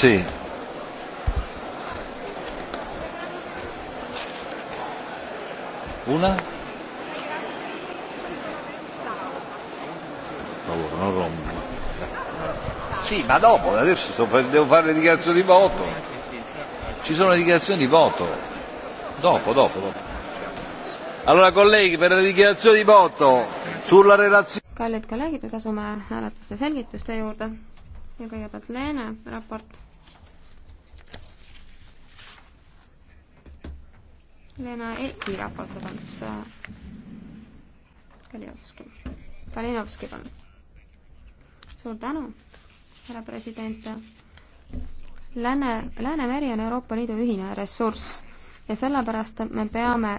Sí. Una. Favore, non rompo. Sì, ma dopo, adesso sto, devo fare le dichiarazioni di voto. Ci sono le dichiarazioni di voto. Dopo, dopo, dopo. Allora colleghi, per le dichiarazioni di voto sulla relazione... kallid kolleegid, nüüd asume hääletuste selgituste juurde ja kõigepealt Leene raport Lena Eki raport, vabandust. Äh, Kalinovski. Kalinovski, palun. suur tänu, härra president. Lääne, Läänemeri on Euroopa Liidu ühine ressurss ja sellepärast me peame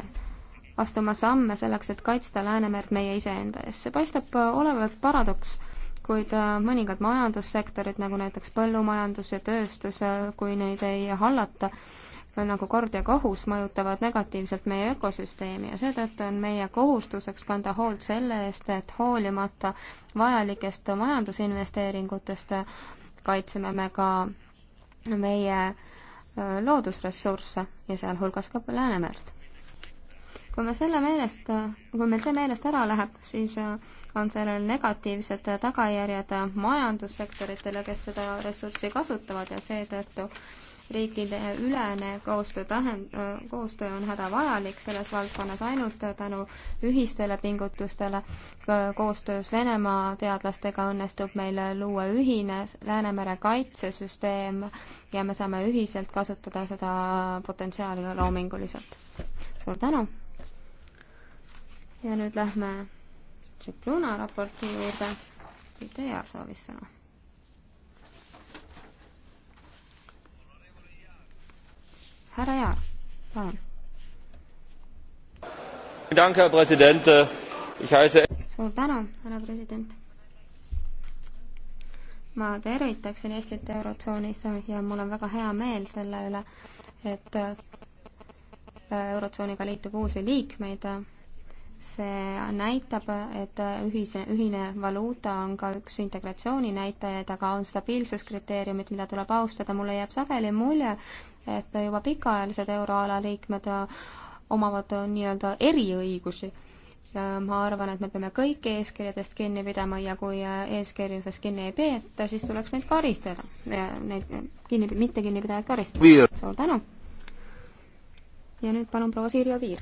astuma samme selleks, et kaitsta Läänemerd meie iseenda ees. see paistab äh, olevat paradoks, kuid äh, mõningad majandussektorid, nagu näiteks põllumajandus ja tööstus, kui neid ei hallata, Äh, nagu kord ja kohus mõjutavad negatiivselt meie ökosüsteemi ja seetõttu on meie kohustuseks kanda hoolt selle eest, et hoolimata vajalikest majandusinvesteeringutest kaitseme me ka meie äh, loodusressursse ja sealhulgas ka Läänemerd. kui me selle meelest, kui meil see meelest ära läheb, siis äh, on sellel negatiivsed tagajärjed majandussektoritele, kes seda ressurssi kasutavad ja seetõttu riikide ülene koostöö tähend-, koostöö on hädavajalik selles valdkonnas ainult tänu ühistele pingutustele. koostöös Venemaa teadlastega õnnestub meil luua ühine Läänemere kaitsesüsteem ja me saame ühiselt kasutada seda potentsiaali loominguliselt. suur tänu! ja nüüd lähme Tšipluna raporti juurde. Teie soovis sõna härra Jaar, palun. suur tänu, härra president ma tervitaksin Eestit Eurotsoonis ja mul on väga hea meel selle üle, et Eurotsooniga liitub uusi liikmeid. see näitab, et ühise, ühine valuuta on ka üks integratsiooni näitajaid, aga on stabiilsuskriteeriumid, mida tuleb austada. mulle jääb sageli mulje, et juba pikaajalised euroala liikmed äh, omavad äh, nii-öelda eriõigusi. ma arvan, et me peame kõik eeskirjadest kinni pidama ja kui äh, eeskirjadest kinni ei peeta, siis tuleks neid karistada. Neid kinni, mitte kinnipidajaid karistada. suur tänu! ja nüüd palun proua Sirje Viir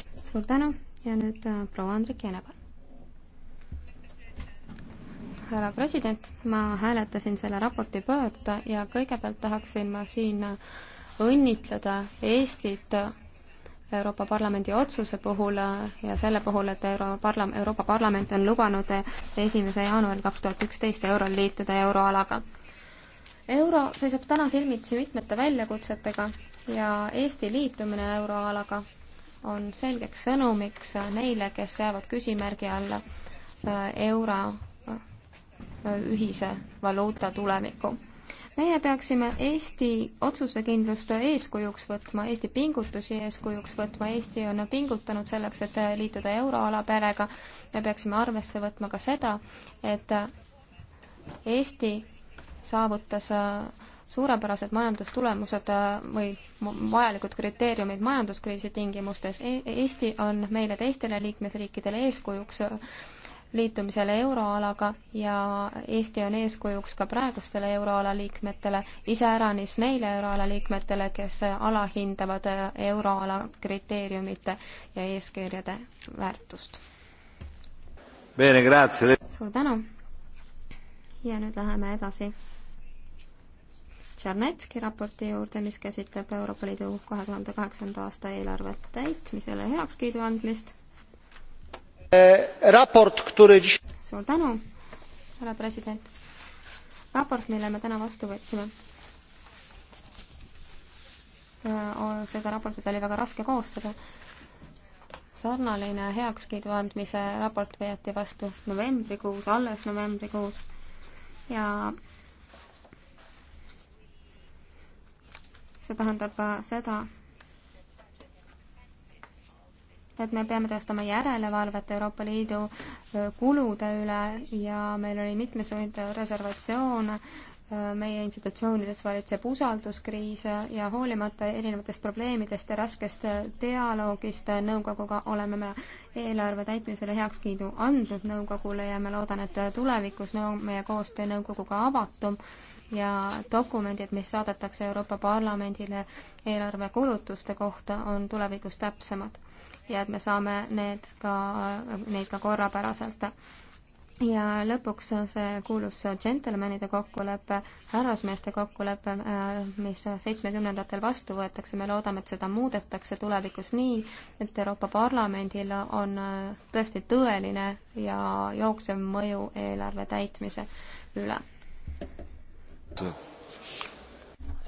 suur tänu ja nüüd äh, proua Andrik Jäneva. härra president, ma hääletasin selle raporti poolt ja kõigepealt tahaksin ma siin äh, õnnitleda Eestit äh, Euroopa Parlamendi otsuse puhul ja selle puhul, et Europarla-, Euroopa Parlament on lubanud esimese jaanuaril kaks tuhat üksteist eurol liituda euroalaga. euro seisab täna silmitsi mitmete väljakutsetega ja Eesti liitumine euroalaga on selgeks sõnumiks neile, kes jäävad küsimärgi alla äh, euro äh, ühise valuuta tuleviku. meie peaksime Eesti otsusekindlust eeskujuks võtma, Eesti pingutusi eeskujuks võtma, Eesti on pingutanud selleks, et liituda euroala perega. me peaksime arvesse võtma ka seda, et Eesti saavutas äh, suurepärased majandustulemused äh, või vajalikud kriteeriumid majanduskriisi tingimustes. E-, Eesti on meile teistele liikmesriikidele eeskujuks äh, liitumisele euroalaga ja Eesti on eeskujuks ka praegustele euroala liikmetele, iseäranis neile euroala liikmetele, kes äh, alahindavad euroala kriteeriumite ja eeskirjade väärtust. suur tänu ja nüüd läheme edasi Tšernetski raporti juurde, mis käsitleb Euroopa Liidu kahe tuhande kaheksanda aasta eelarve täitmisele heakskiidu andmist äh,. raport, który... suur tänu, härra president. raport, mille me täna vastu võtsime seda raportit oli väga raske koostada. sarnaline heakskiidu andmise raport võeti vastu novembrikuus, alles novembrikuus ja see tähendab äh, seda, et me peame teostama järelevalvet Euroopa Liidu äh, kulude üle ja meil oli mitmesuguseid reservatsioone, äh, meie institutsioonides valitseb usalduskriis ja hoolimata erinevatest probleemidest ja raskest dialoogist nõukoguga oleme me eelarve täitmisele heakskiidu andnud nõukogule ja ma loodan, et tulevikus nõu-, meie koostöö nõukoguga avatum ja dokumendid, mis saadetakse Euroopa Parlamendile eelarve kulutuste kohta, on tulevikus täpsemad ja et me saame need ka, neid ka korrapäraselt. ja lõpuks see kuulus džentelmenide kokkulepe, härrasmeeste kokkulepe, mis seitsmekümnendatel vastu võetakse, me loodame, et seda muudetakse tulevikus nii, et Euroopa Parlamendil on tõesti tõeline ja jooksev mõju eelarve täitmise üle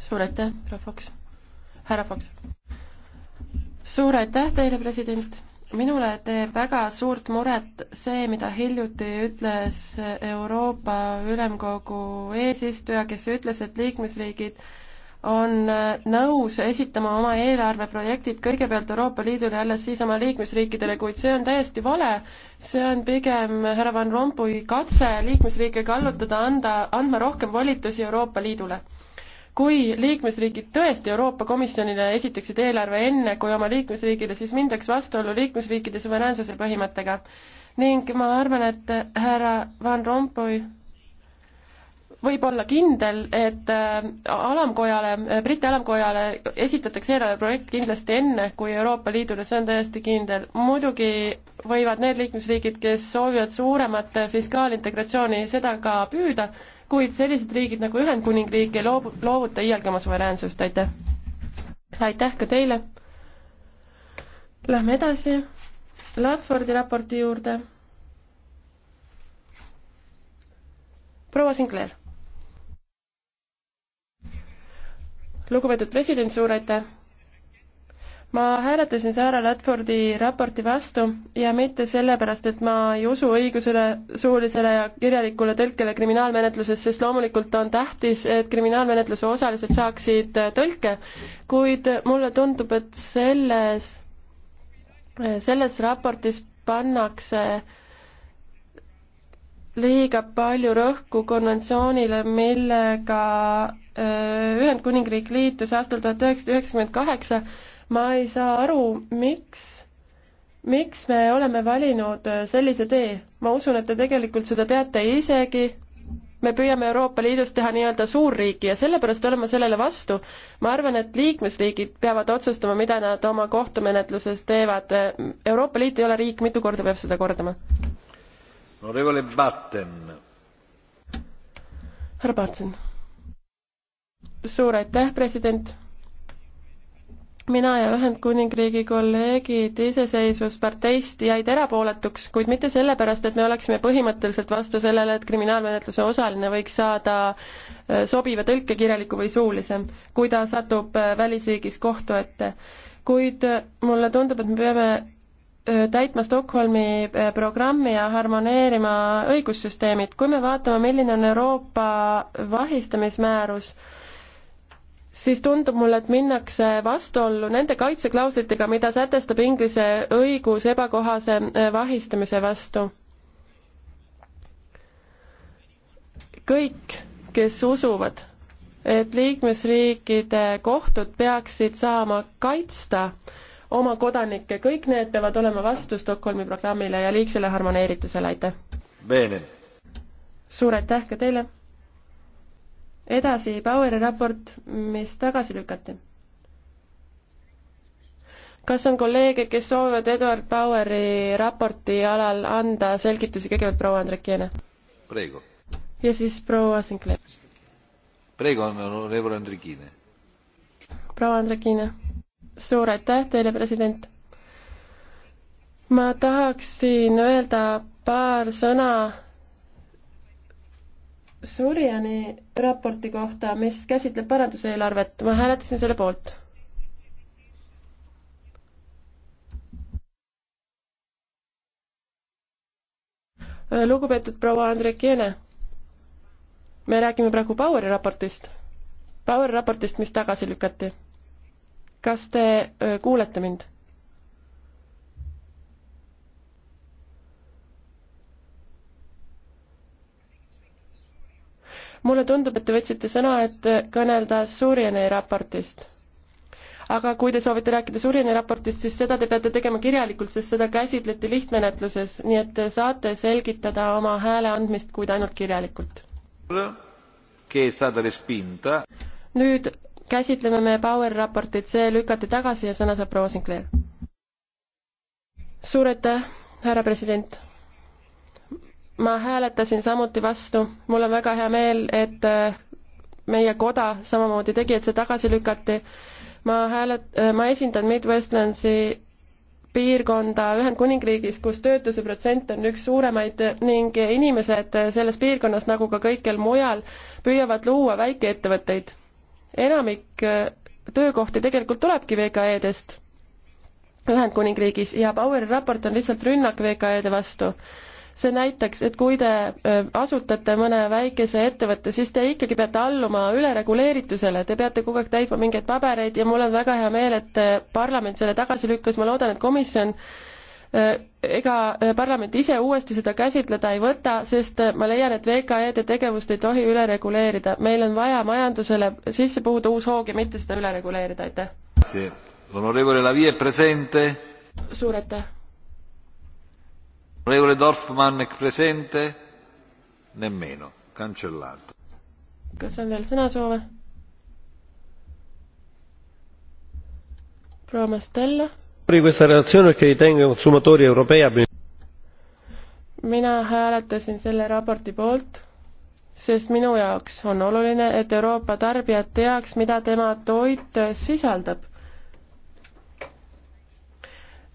suur aitäh, proua Fox, härra Fox. suur aitäh teile, president. minule teeb väga suurt muret see, mida hiljuti ütles Euroopa Ülemkogu eesistuja, kes ütles, et liikmesriigid on äh, nõus esitama oma eelarveprojektid kõigepealt Euroopa Liidule ja alles siis oma liikmesriikidele, kuid see on täiesti vale. see on pigem äh, härra Van Rompuy katse liikmesriike kallutada, anda, andma rohkem volitusi Euroopa Liidule. kui liikmesriigid tõesti Euroopa Komisjonile esitaksid eelarve enne kui oma liikmesriigile, siis mindaks vastuollu liikmesriikide suveräänsuse põhimõttega. ning ma arvan, et äh, härra Van Rompuy võib olla kindel, et äh, alamkojale, Briti alamkojale esitatakse eelarveprojekt kindlasti enne kui Euroopa Liidule, see on täiesti kindel. muidugi võivad need liikmesriigid, kes soovivad suuremat fiskaalintegratsiooni, seda ka püüda, kuid sellised riigid nagu Ühendkuningriik ei loobu, loovuta iialgi oma suveräänsust, aitäh! aitäh ka teile! Lähme edasi Ladfordi raporti juurde. proua Sinclair lugupeetud president, suur aitäh! ma hääletasin Sarah Ladfordi raporti vastu ja mitte sellepärast, et ma ei usu õigusele, suulisele ja kirjalikule tõlkele kriminaalmenetluses, sest loomulikult on tähtis, et kriminaalmenetluse osalised saaksid tõlke, kuid mulle tundub, et selles, selles raportis pannakse liiga palju rõhku konventsioonile, millega Äh, Ühendkuningriik liitus aastal tuhat üheksasada üheksakümmend kaheksa, ma ei saa aru, miks, miks me oleme valinud äh, sellise tee. ma usun, et te tegelikult seda teate isegi, me püüame Euroopa Liidust teha nii-öelda suurriiki ja sellepärast olen ma sellele vastu. ma arvan, et liikmesriigid peavad otsustama, mida nad oma kohtumenetluses teevad. Euroopa Liit ei ole riik, mitu korda peab seda kordama? härra Batsen suur aitäh, president! mina ja Ühendkuningriigi kolleegid iseseisvusparteist jäid erapooletuks, kuid mitte sellepärast, et me oleksime põhimõtteliselt vastu sellele, et kriminaalmenetluse osaline võiks saada äh, sobiva tõlke, kirjaliku või suulise, kui ta satub äh, välisriigis kohtu ette. kuid äh, mulle tundub, et me peame täitma Stockholmi programmi ja harmoneerima õigussüsteemid. kui me vaatame, milline on Euroopa vahistamismäärus, siis tundub mulle, et minnakse vastuollu nende kaitseklauslitega, mida sätestab Inglise õigus ebakohase äh, vahistamise vastu. kõik, kes usuvad, et liikmesriikide kohtud peaksid saama kaitsta oma kodanikke, kõik need peavad olema vastu Stockholmi programmile ja liigsele harmoneeritusele, aitäh! suur aitäh ka teile! edasi Baueri raport, mis tagasi lükati. kas on kolleege, kes soovivad Eduard Baueri raporti alal anda selgitusi, kõigepealt proua Andrekiene? ja siis proua Sinclair. proua Andrekiene, suur aitäh teile, president! ma tahaksin öelda paar sõna Surjani raporti kohta, mis käsitleb paranduseelarvet, ma hääletasin selle poolt. lugupeetud proua Andrekiene, me räägime praegu Poweri raportist, Poweri raportist, mis tagasi lükati. kas te kuulete mind? mulle tundub, et te võtsite sõna, et kõnelda Suurjani raportist. aga kui te soovite rääkida Suurjani raportist, siis seda te peate tegema kirjalikult, sest seda käsitleti lihtmenetluses, nii et saate selgitada oma hääle andmist, kuid ainult kirjalikult. nüüd käsitleme me Power raportit, see lükati tagasi ja sõna saab proua Sinclair. suur aitäh, härra president ma hääletasin samuti vastu, mul on väga hea meel, et äh, meie koda samamoodi tegi, et see tagasi lükati. ma hääled-, äh, ma esindan Midwestlandsi piirkonda Ühendkuningriigis, kus töötuse protsent on üks suuremaid ning inimesed selles piirkonnas, nagu ka kõikjal mujal, püüavad luua väikeettevõtteid. enamik äh, töökohti tegelikult tulebki VKE-dest Ühendkuningriigis ja Poweri raport on lihtsalt rünnak VKE-de vastu see näitaks, et kui te asutate mõne väikese ettevõtte, siis te ikkagi peate alluma ülereguleeritusele, te peate kogu aeg täitma mingeid pabereid ja mul on väga hea meel, et parlament selle tagasi lükkas, ma loodan, et komisjon ega parlament ise uuesti seda käsitleda ei võta, sest ma leian, et VKE-de tegevust ei tohi üle reguleerida. meil on vaja majandusele sisse puhuda uus hoog ja mitte seda üle reguleerida, aitäh. suur aitäh onorevole Dorfmann presente? Nemmeno, cancellato. kas on veel sõnasoove? proua Mastella? mina hääletasin selle raporti poolt, sest minu jaoks on oluline, et Euroopa tarbijad teaks, mida tema toit sisaldab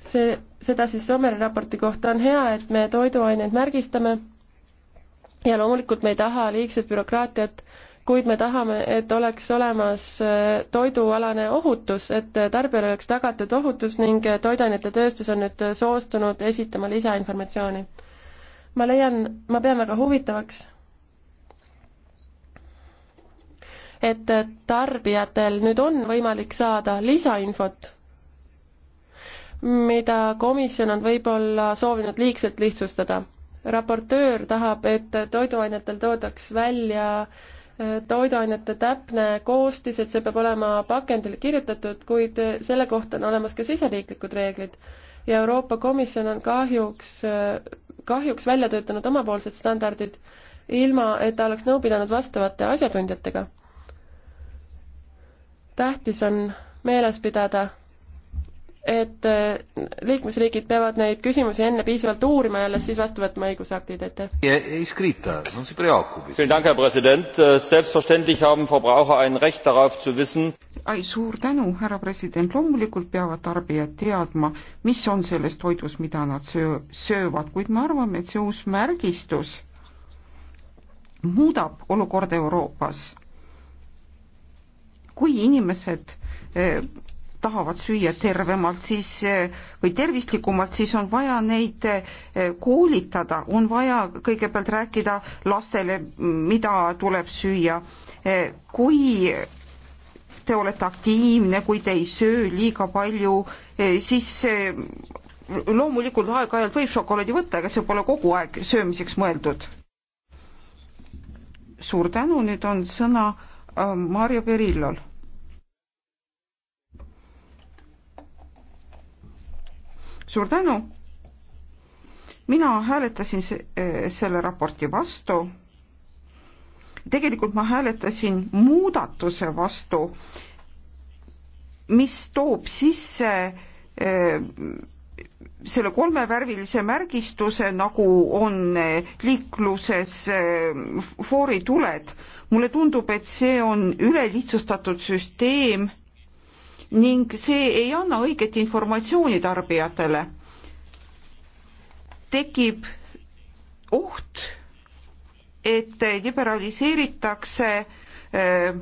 see, seda siis Sommeri raporti kohta, on hea, et me toiduaineid märgistame ja loomulikult me ei taha liigset bürokraatiat, kuid me tahame, et oleks olemas äh, toidualane ohutus, et tarbijale oleks tagatud ohutus ning äh, toiduainete tööstus on nüüd soostunud esitama lisainformatsiooni. ma leian, ma pean väga huvitavaks, et äh, tarbijatel nüüd on võimalik saada lisainfot mida komisjon on võib-olla soovinud liigselt lihtsustada. raportöör tahab, et toiduainetel toodaks välja äh, toiduainete täpne koostis, et see peab olema pakendile kirjutatud, kuid äh, selle kohta on olemas ka siseriiklikud reeglid. ja Euroopa Komisjon on kahjuks, äh, kahjuks välja töötanud omapoolsed standardid, ilma et ta oleks nõu pidanud vastavate asjatundjatega. tähtis on meeles pidada, et äh, liikmesriigid peavad neid küsimusi enne piisavalt uurima ja alles siis vastu võtma õigusaktid, aitäh. Äh, ai, suur tänu, härra president, loomulikult peavad tarbijad teadma, mis on selles toidus, mida nad söö-, söövad, kuid me arvame, et see uus märgistus muudab olukorda Euroopas. kui inimesed äh, tahavad süüa tervemalt, siis eh, või tervislikumalt, siis on vaja neid eh, koolitada, on vaja kõigepealt rääkida lastele, mida tuleb süüa. Eh, kui te olete aktiivne, kui te ei söö liiga palju, siis loomulikult aeg-ajalt võib šokolaadi võtta, aga see pole kogu aeg söömiseks mõeldud. suur tänu, nüüd on sõna Marju Perillol suur tänu. mina hääletasin eh, selle raporti vastu. tegelikult ma hääletasin muudatuse vastu, mis toob sisse eh, selle kolmevärvilise märgistuse, nagu on eh, liikluses foorituled. mulle tundub, et see on ülelihtsustatud süsteem ning see ei anna õiget informatsiooni tarbijatele. tekib oht, et liberaliseeritakse äh, äh,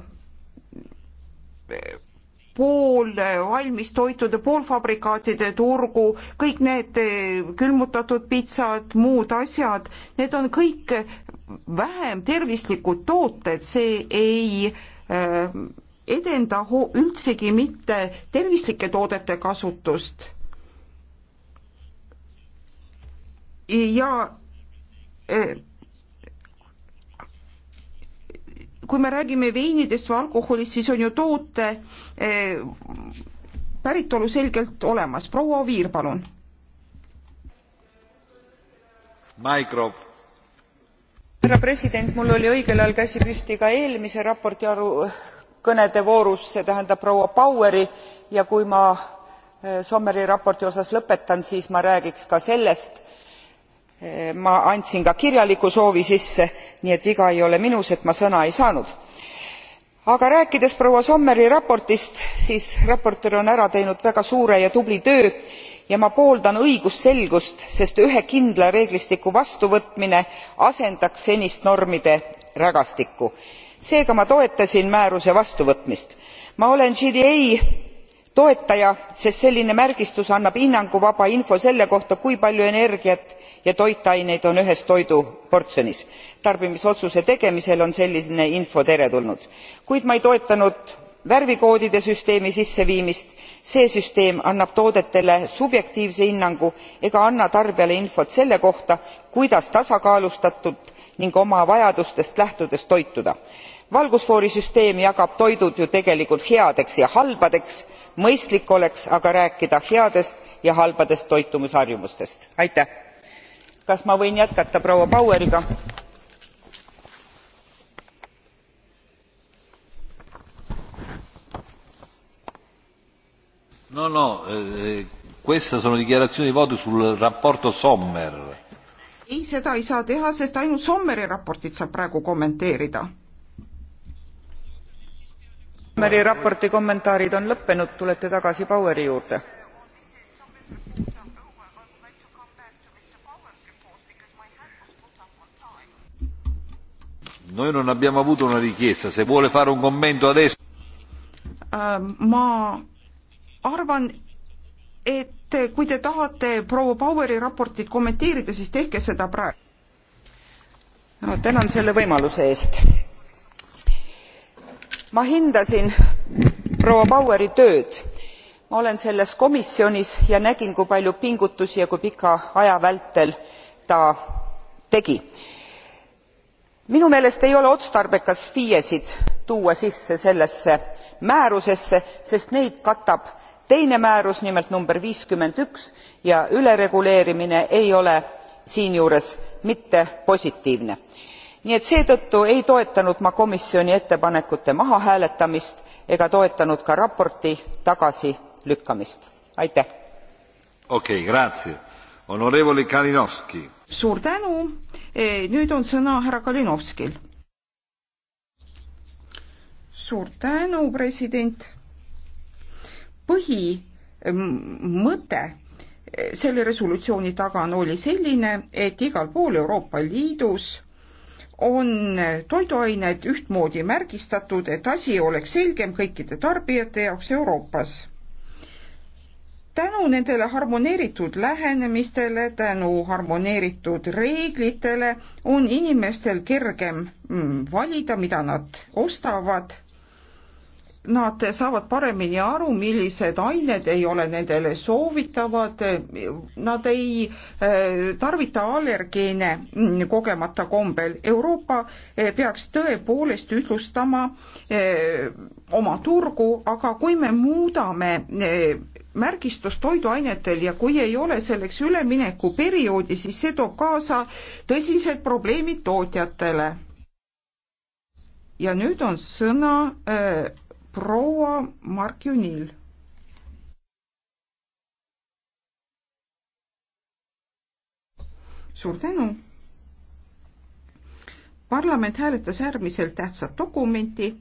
pool valmistoitude, poolfabrikaatide turgu, kõik need äh, külmutatud pitsad, muud asjad, need on kõik vähem tervislikud tooted, see ei äh, edenda üldsegi mitte tervislike toodete kasutust. ja e, kui me räägime veinidest või alkoholist, siis on ju toote e, päritolu selgelt olemas. proua Oviir, palun. Maikrov härra president mul oli õigel ajal käsi püsti ka eelmise raporti aru kõnede voorus see tähendab proua baueri ja kui ma äh, sommeri raporti osas lõpetan siis ma räägiks ka sellest äh, ma andsin ka kirjaliku soovi sisse nii et viga ei ole minus et ma sõna ei saanud. aga rääkides proua sommeri raportist siis raportöör on ära teinud väga suure ja tubli töö ja ma pooldan õigusselgust sest ühe kindla reeglistiku vastuvõtmine asendaks senist normide rägastikku seega ma toetasin määruse vastuvõtmist. ma olen gda toetaja sest selline märgistus annab hinnangu vaba info selle kohta kui palju energiat ja toitaineid on ühes toiduportsjonis. tarbimisotsuse tegemisel on selline info teretulnud kuid ma ei toetanud värvikoodide süsteemi sisseviimist see süsteem annab toodetele subjektiivse hinnangu ega anna tarbijale infot selle kohta kuidas tasakaalustatult ning oma vajadustest lähtudes toituda valgusfoorisüsteem jagab toidud ju tegelikult headeks ja halbadeks mõistlik oleks aga rääkida headest ja halbadest toitumisharjumustest. kas ma võin jätkata proua baueriga? no no eh, eh, queste sono dichiarazioni di voto sul rapporto sommer. ei seda ei saa teha sest ainult sommeri raportit saab praegu kommenteerida someri raporti kommentaarid on lõppenud tulete tagasi baueri juurde. noi non abbiamo avuto una richiesta se vuole fare un commento adesso. Äh, ma arvan et kui te tahate proua baueri raportit kommenteerida siis tehke seda praegu. No, tänan selle võimaluse eest ma hindasin proua baueri tööd ma olen selles komisjonis ja nägin kui palju pingutusi ja kui pika aja vältel ta tegi. minu meelest ei ole otstarbekas feesid tuua sisse sellesse määrusesse sest neid katab teine määrus nimelt number ja ülereguleerimine ei ole siinjuures mitte positiivne nii et seetõttu ei toetanud ma komisjoni ettepanekute mahahääletamist ega toetanud ka raporti tagasilükkamist. suur tänu e, nüüd on sõna härra kalinovskil. suur tänu president põhimõte selle resolutsiooni taga on, oli selline, et igal pool Euroopa Liidus on toiduained ühtmoodi märgistatud, et asi oleks selgem kõikide tarbijate jaoks Euroopas. tänu nendele harmoneeritud lähenemistele, tänu harmoneeritud reeglitele on inimestel kergem mm, valida, mida nad ostavad nad saavad paremini aru, millised ained ei ole nendele soovitavad, nad ei eh, tarvita allergeene mm, kogemata kombel. Euroopa eh, peaks tõepoolest ühtlustama eh, oma turgu, aga kui me muudame märgistus toiduainetel ja kui ei ole selleks üleminekuperioodi, siis see toob kaasa tõsised probleemid tootjatele. ja nüüd on sõna äh, proua Mark Junil. suur tänu. parlament hääletas äärmiselt tähtsat dokumenti.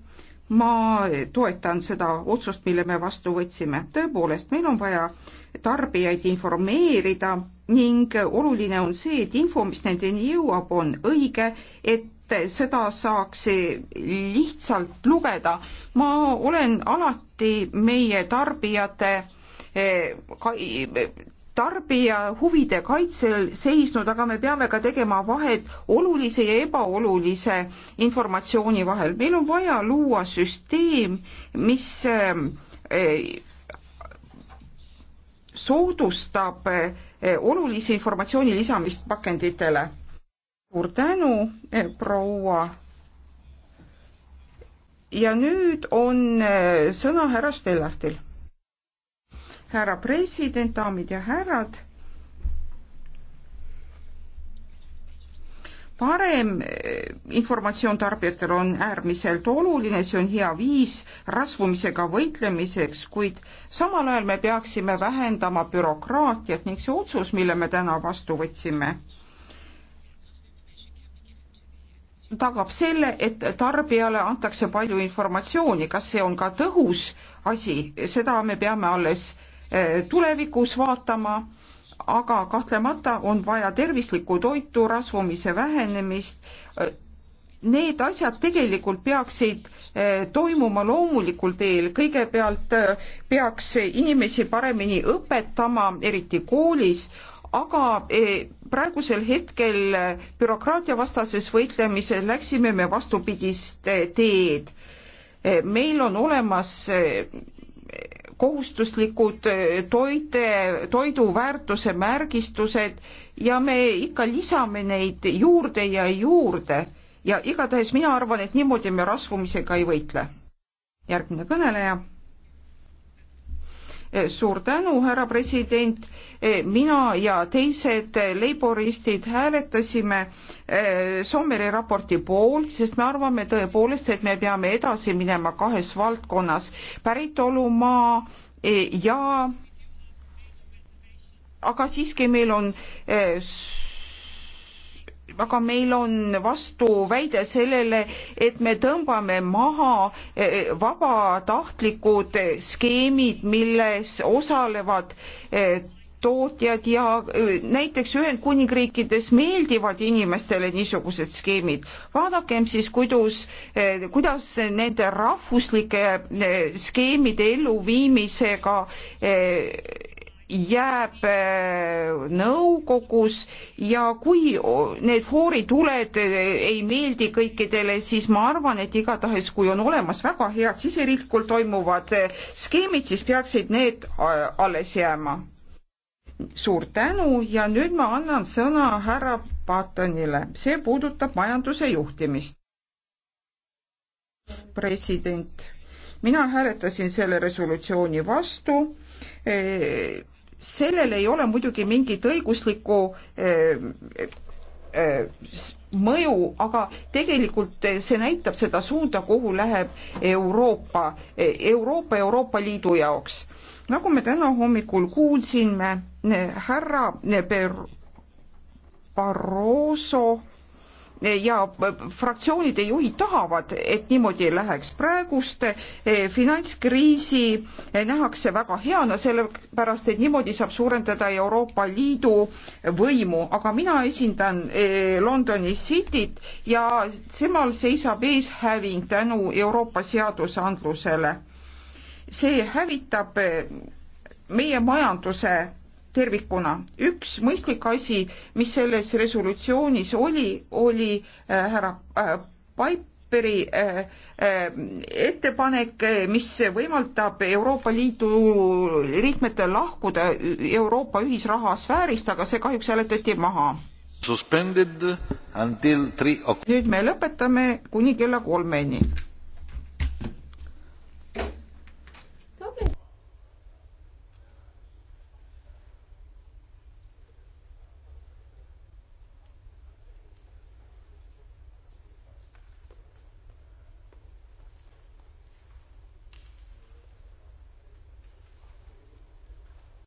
ma toetan seda otsust, mille me vastu võtsime. tõepoolest, meil on vaja tarbijaid informeerida ning oluline on see, et info, mis nendeni jõuab, on õige, et seda saaks lihtsalt lugeda. ma olen alati meie tarbijate eh, tarbija huvide kaitsel seisnud, aga me peame ka tegema vahet olulise ja ebaolulise informatsiooni vahel. meil on vaja luua süsteem, mis eh, soodustab eh, olulise informatsiooni lisamist pakenditele suur tänu, eh, proua. ja nüüd on eh, sõna härra Stellartil. härra president, daamid ja härrad. parem eh, informatsioon tarbijatel on äärmiselt oluline, see on hea viis rasvumisega võitlemiseks, kuid samal ajal me peaksime vähendama bürokraatiat ning see otsus, mille me täna vastu võtsime tagab selle, et tarbijale antakse palju informatsiooni, kas see on ka tõhus asi, seda me peame alles eh, tulevikus vaatama, aga kahtlemata on vaja tervislikku toitu, rasvumise vähenemist, need asjad tegelikult peaksid eh, toimuma loomulikul teel, kõigepealt eh, peaks inimesi paremini õpetama, eriti koolis, aga eh, praegusel hetkel eh, bürokraatiavastases võitlemises läksime me vastupidist eh, teed. meil on olemas kohustuslikud toite, toidu väärtuse märgistused ja me ikka lisame neid juurde ja juurde ja igatahes mina arvan, et niimoodi me rasvumisega ei võitle. järgmine kõneleja Eh, suur tänu, härra president. Eh, mina ja teised eh, leiboristid hääletasime Sommeri raporti poolt, sest me arvame tõepoolest, et me peame edasi minema kahes valdkonnas, päritolumaa ja aga siiski meil on aga meil on vastuväide sellele, et me tõmbame maha eh, eh, vabatahtlikud skeemid, milles osalevad eh, tootjad ja näiteks Ühendkuningriikides meeldivad inimestele niisugused skeemid. vaadakem siis, kuidas, kuidas nende rahvuslike skeemide elluviimisega jääb äh, nõukogus ja kui need foorituled äh, ei meeldi kõikidele, siis ma arvan, et igatahes, kui on olemas väga head siseriiklikult toimuvad äh, skeemid, siis peaksid need alles jääma. suur tänu ja nüüd ma annan sõna härra Pattonile, see puudutab majanduse juhtimist. president, mina hääletasin selle resolutsiooni vastu sellel ei ole muidugi mingit õiguslikku eh, eh, mõju, aga tegelikult eh, see näitab seda suunda, kuhu läheb Euroopa, Euroopa, Euroopa Liidu jaoks. nagu me täna hommikul kuulsime, härra Barroso ja fraktsioonide juhid tahavad, et niimoodi läheks. praegust eh, finantskriisi eh, nähakse väga heana, sellepärast et niimoodi saab suurendada Euroopa Liidu võimu, aga mina esindan eh, Londoni Cityt ja temal seisab ees häving tänu Euroopa seadusandlusele. see hävitab meie majanduse tervikuna. üks mõistlik asi, mis selles resolutsioonis oli, oli äh, härra äh, Piperi äh, ettepanek, mis võimaldab Euroopa Liidu liikmetel lahkuda Euroopa ühisraha sfäärist, aga see kahjuks hääletati maha. nüüd me lõpetame kuni kella kolmeni.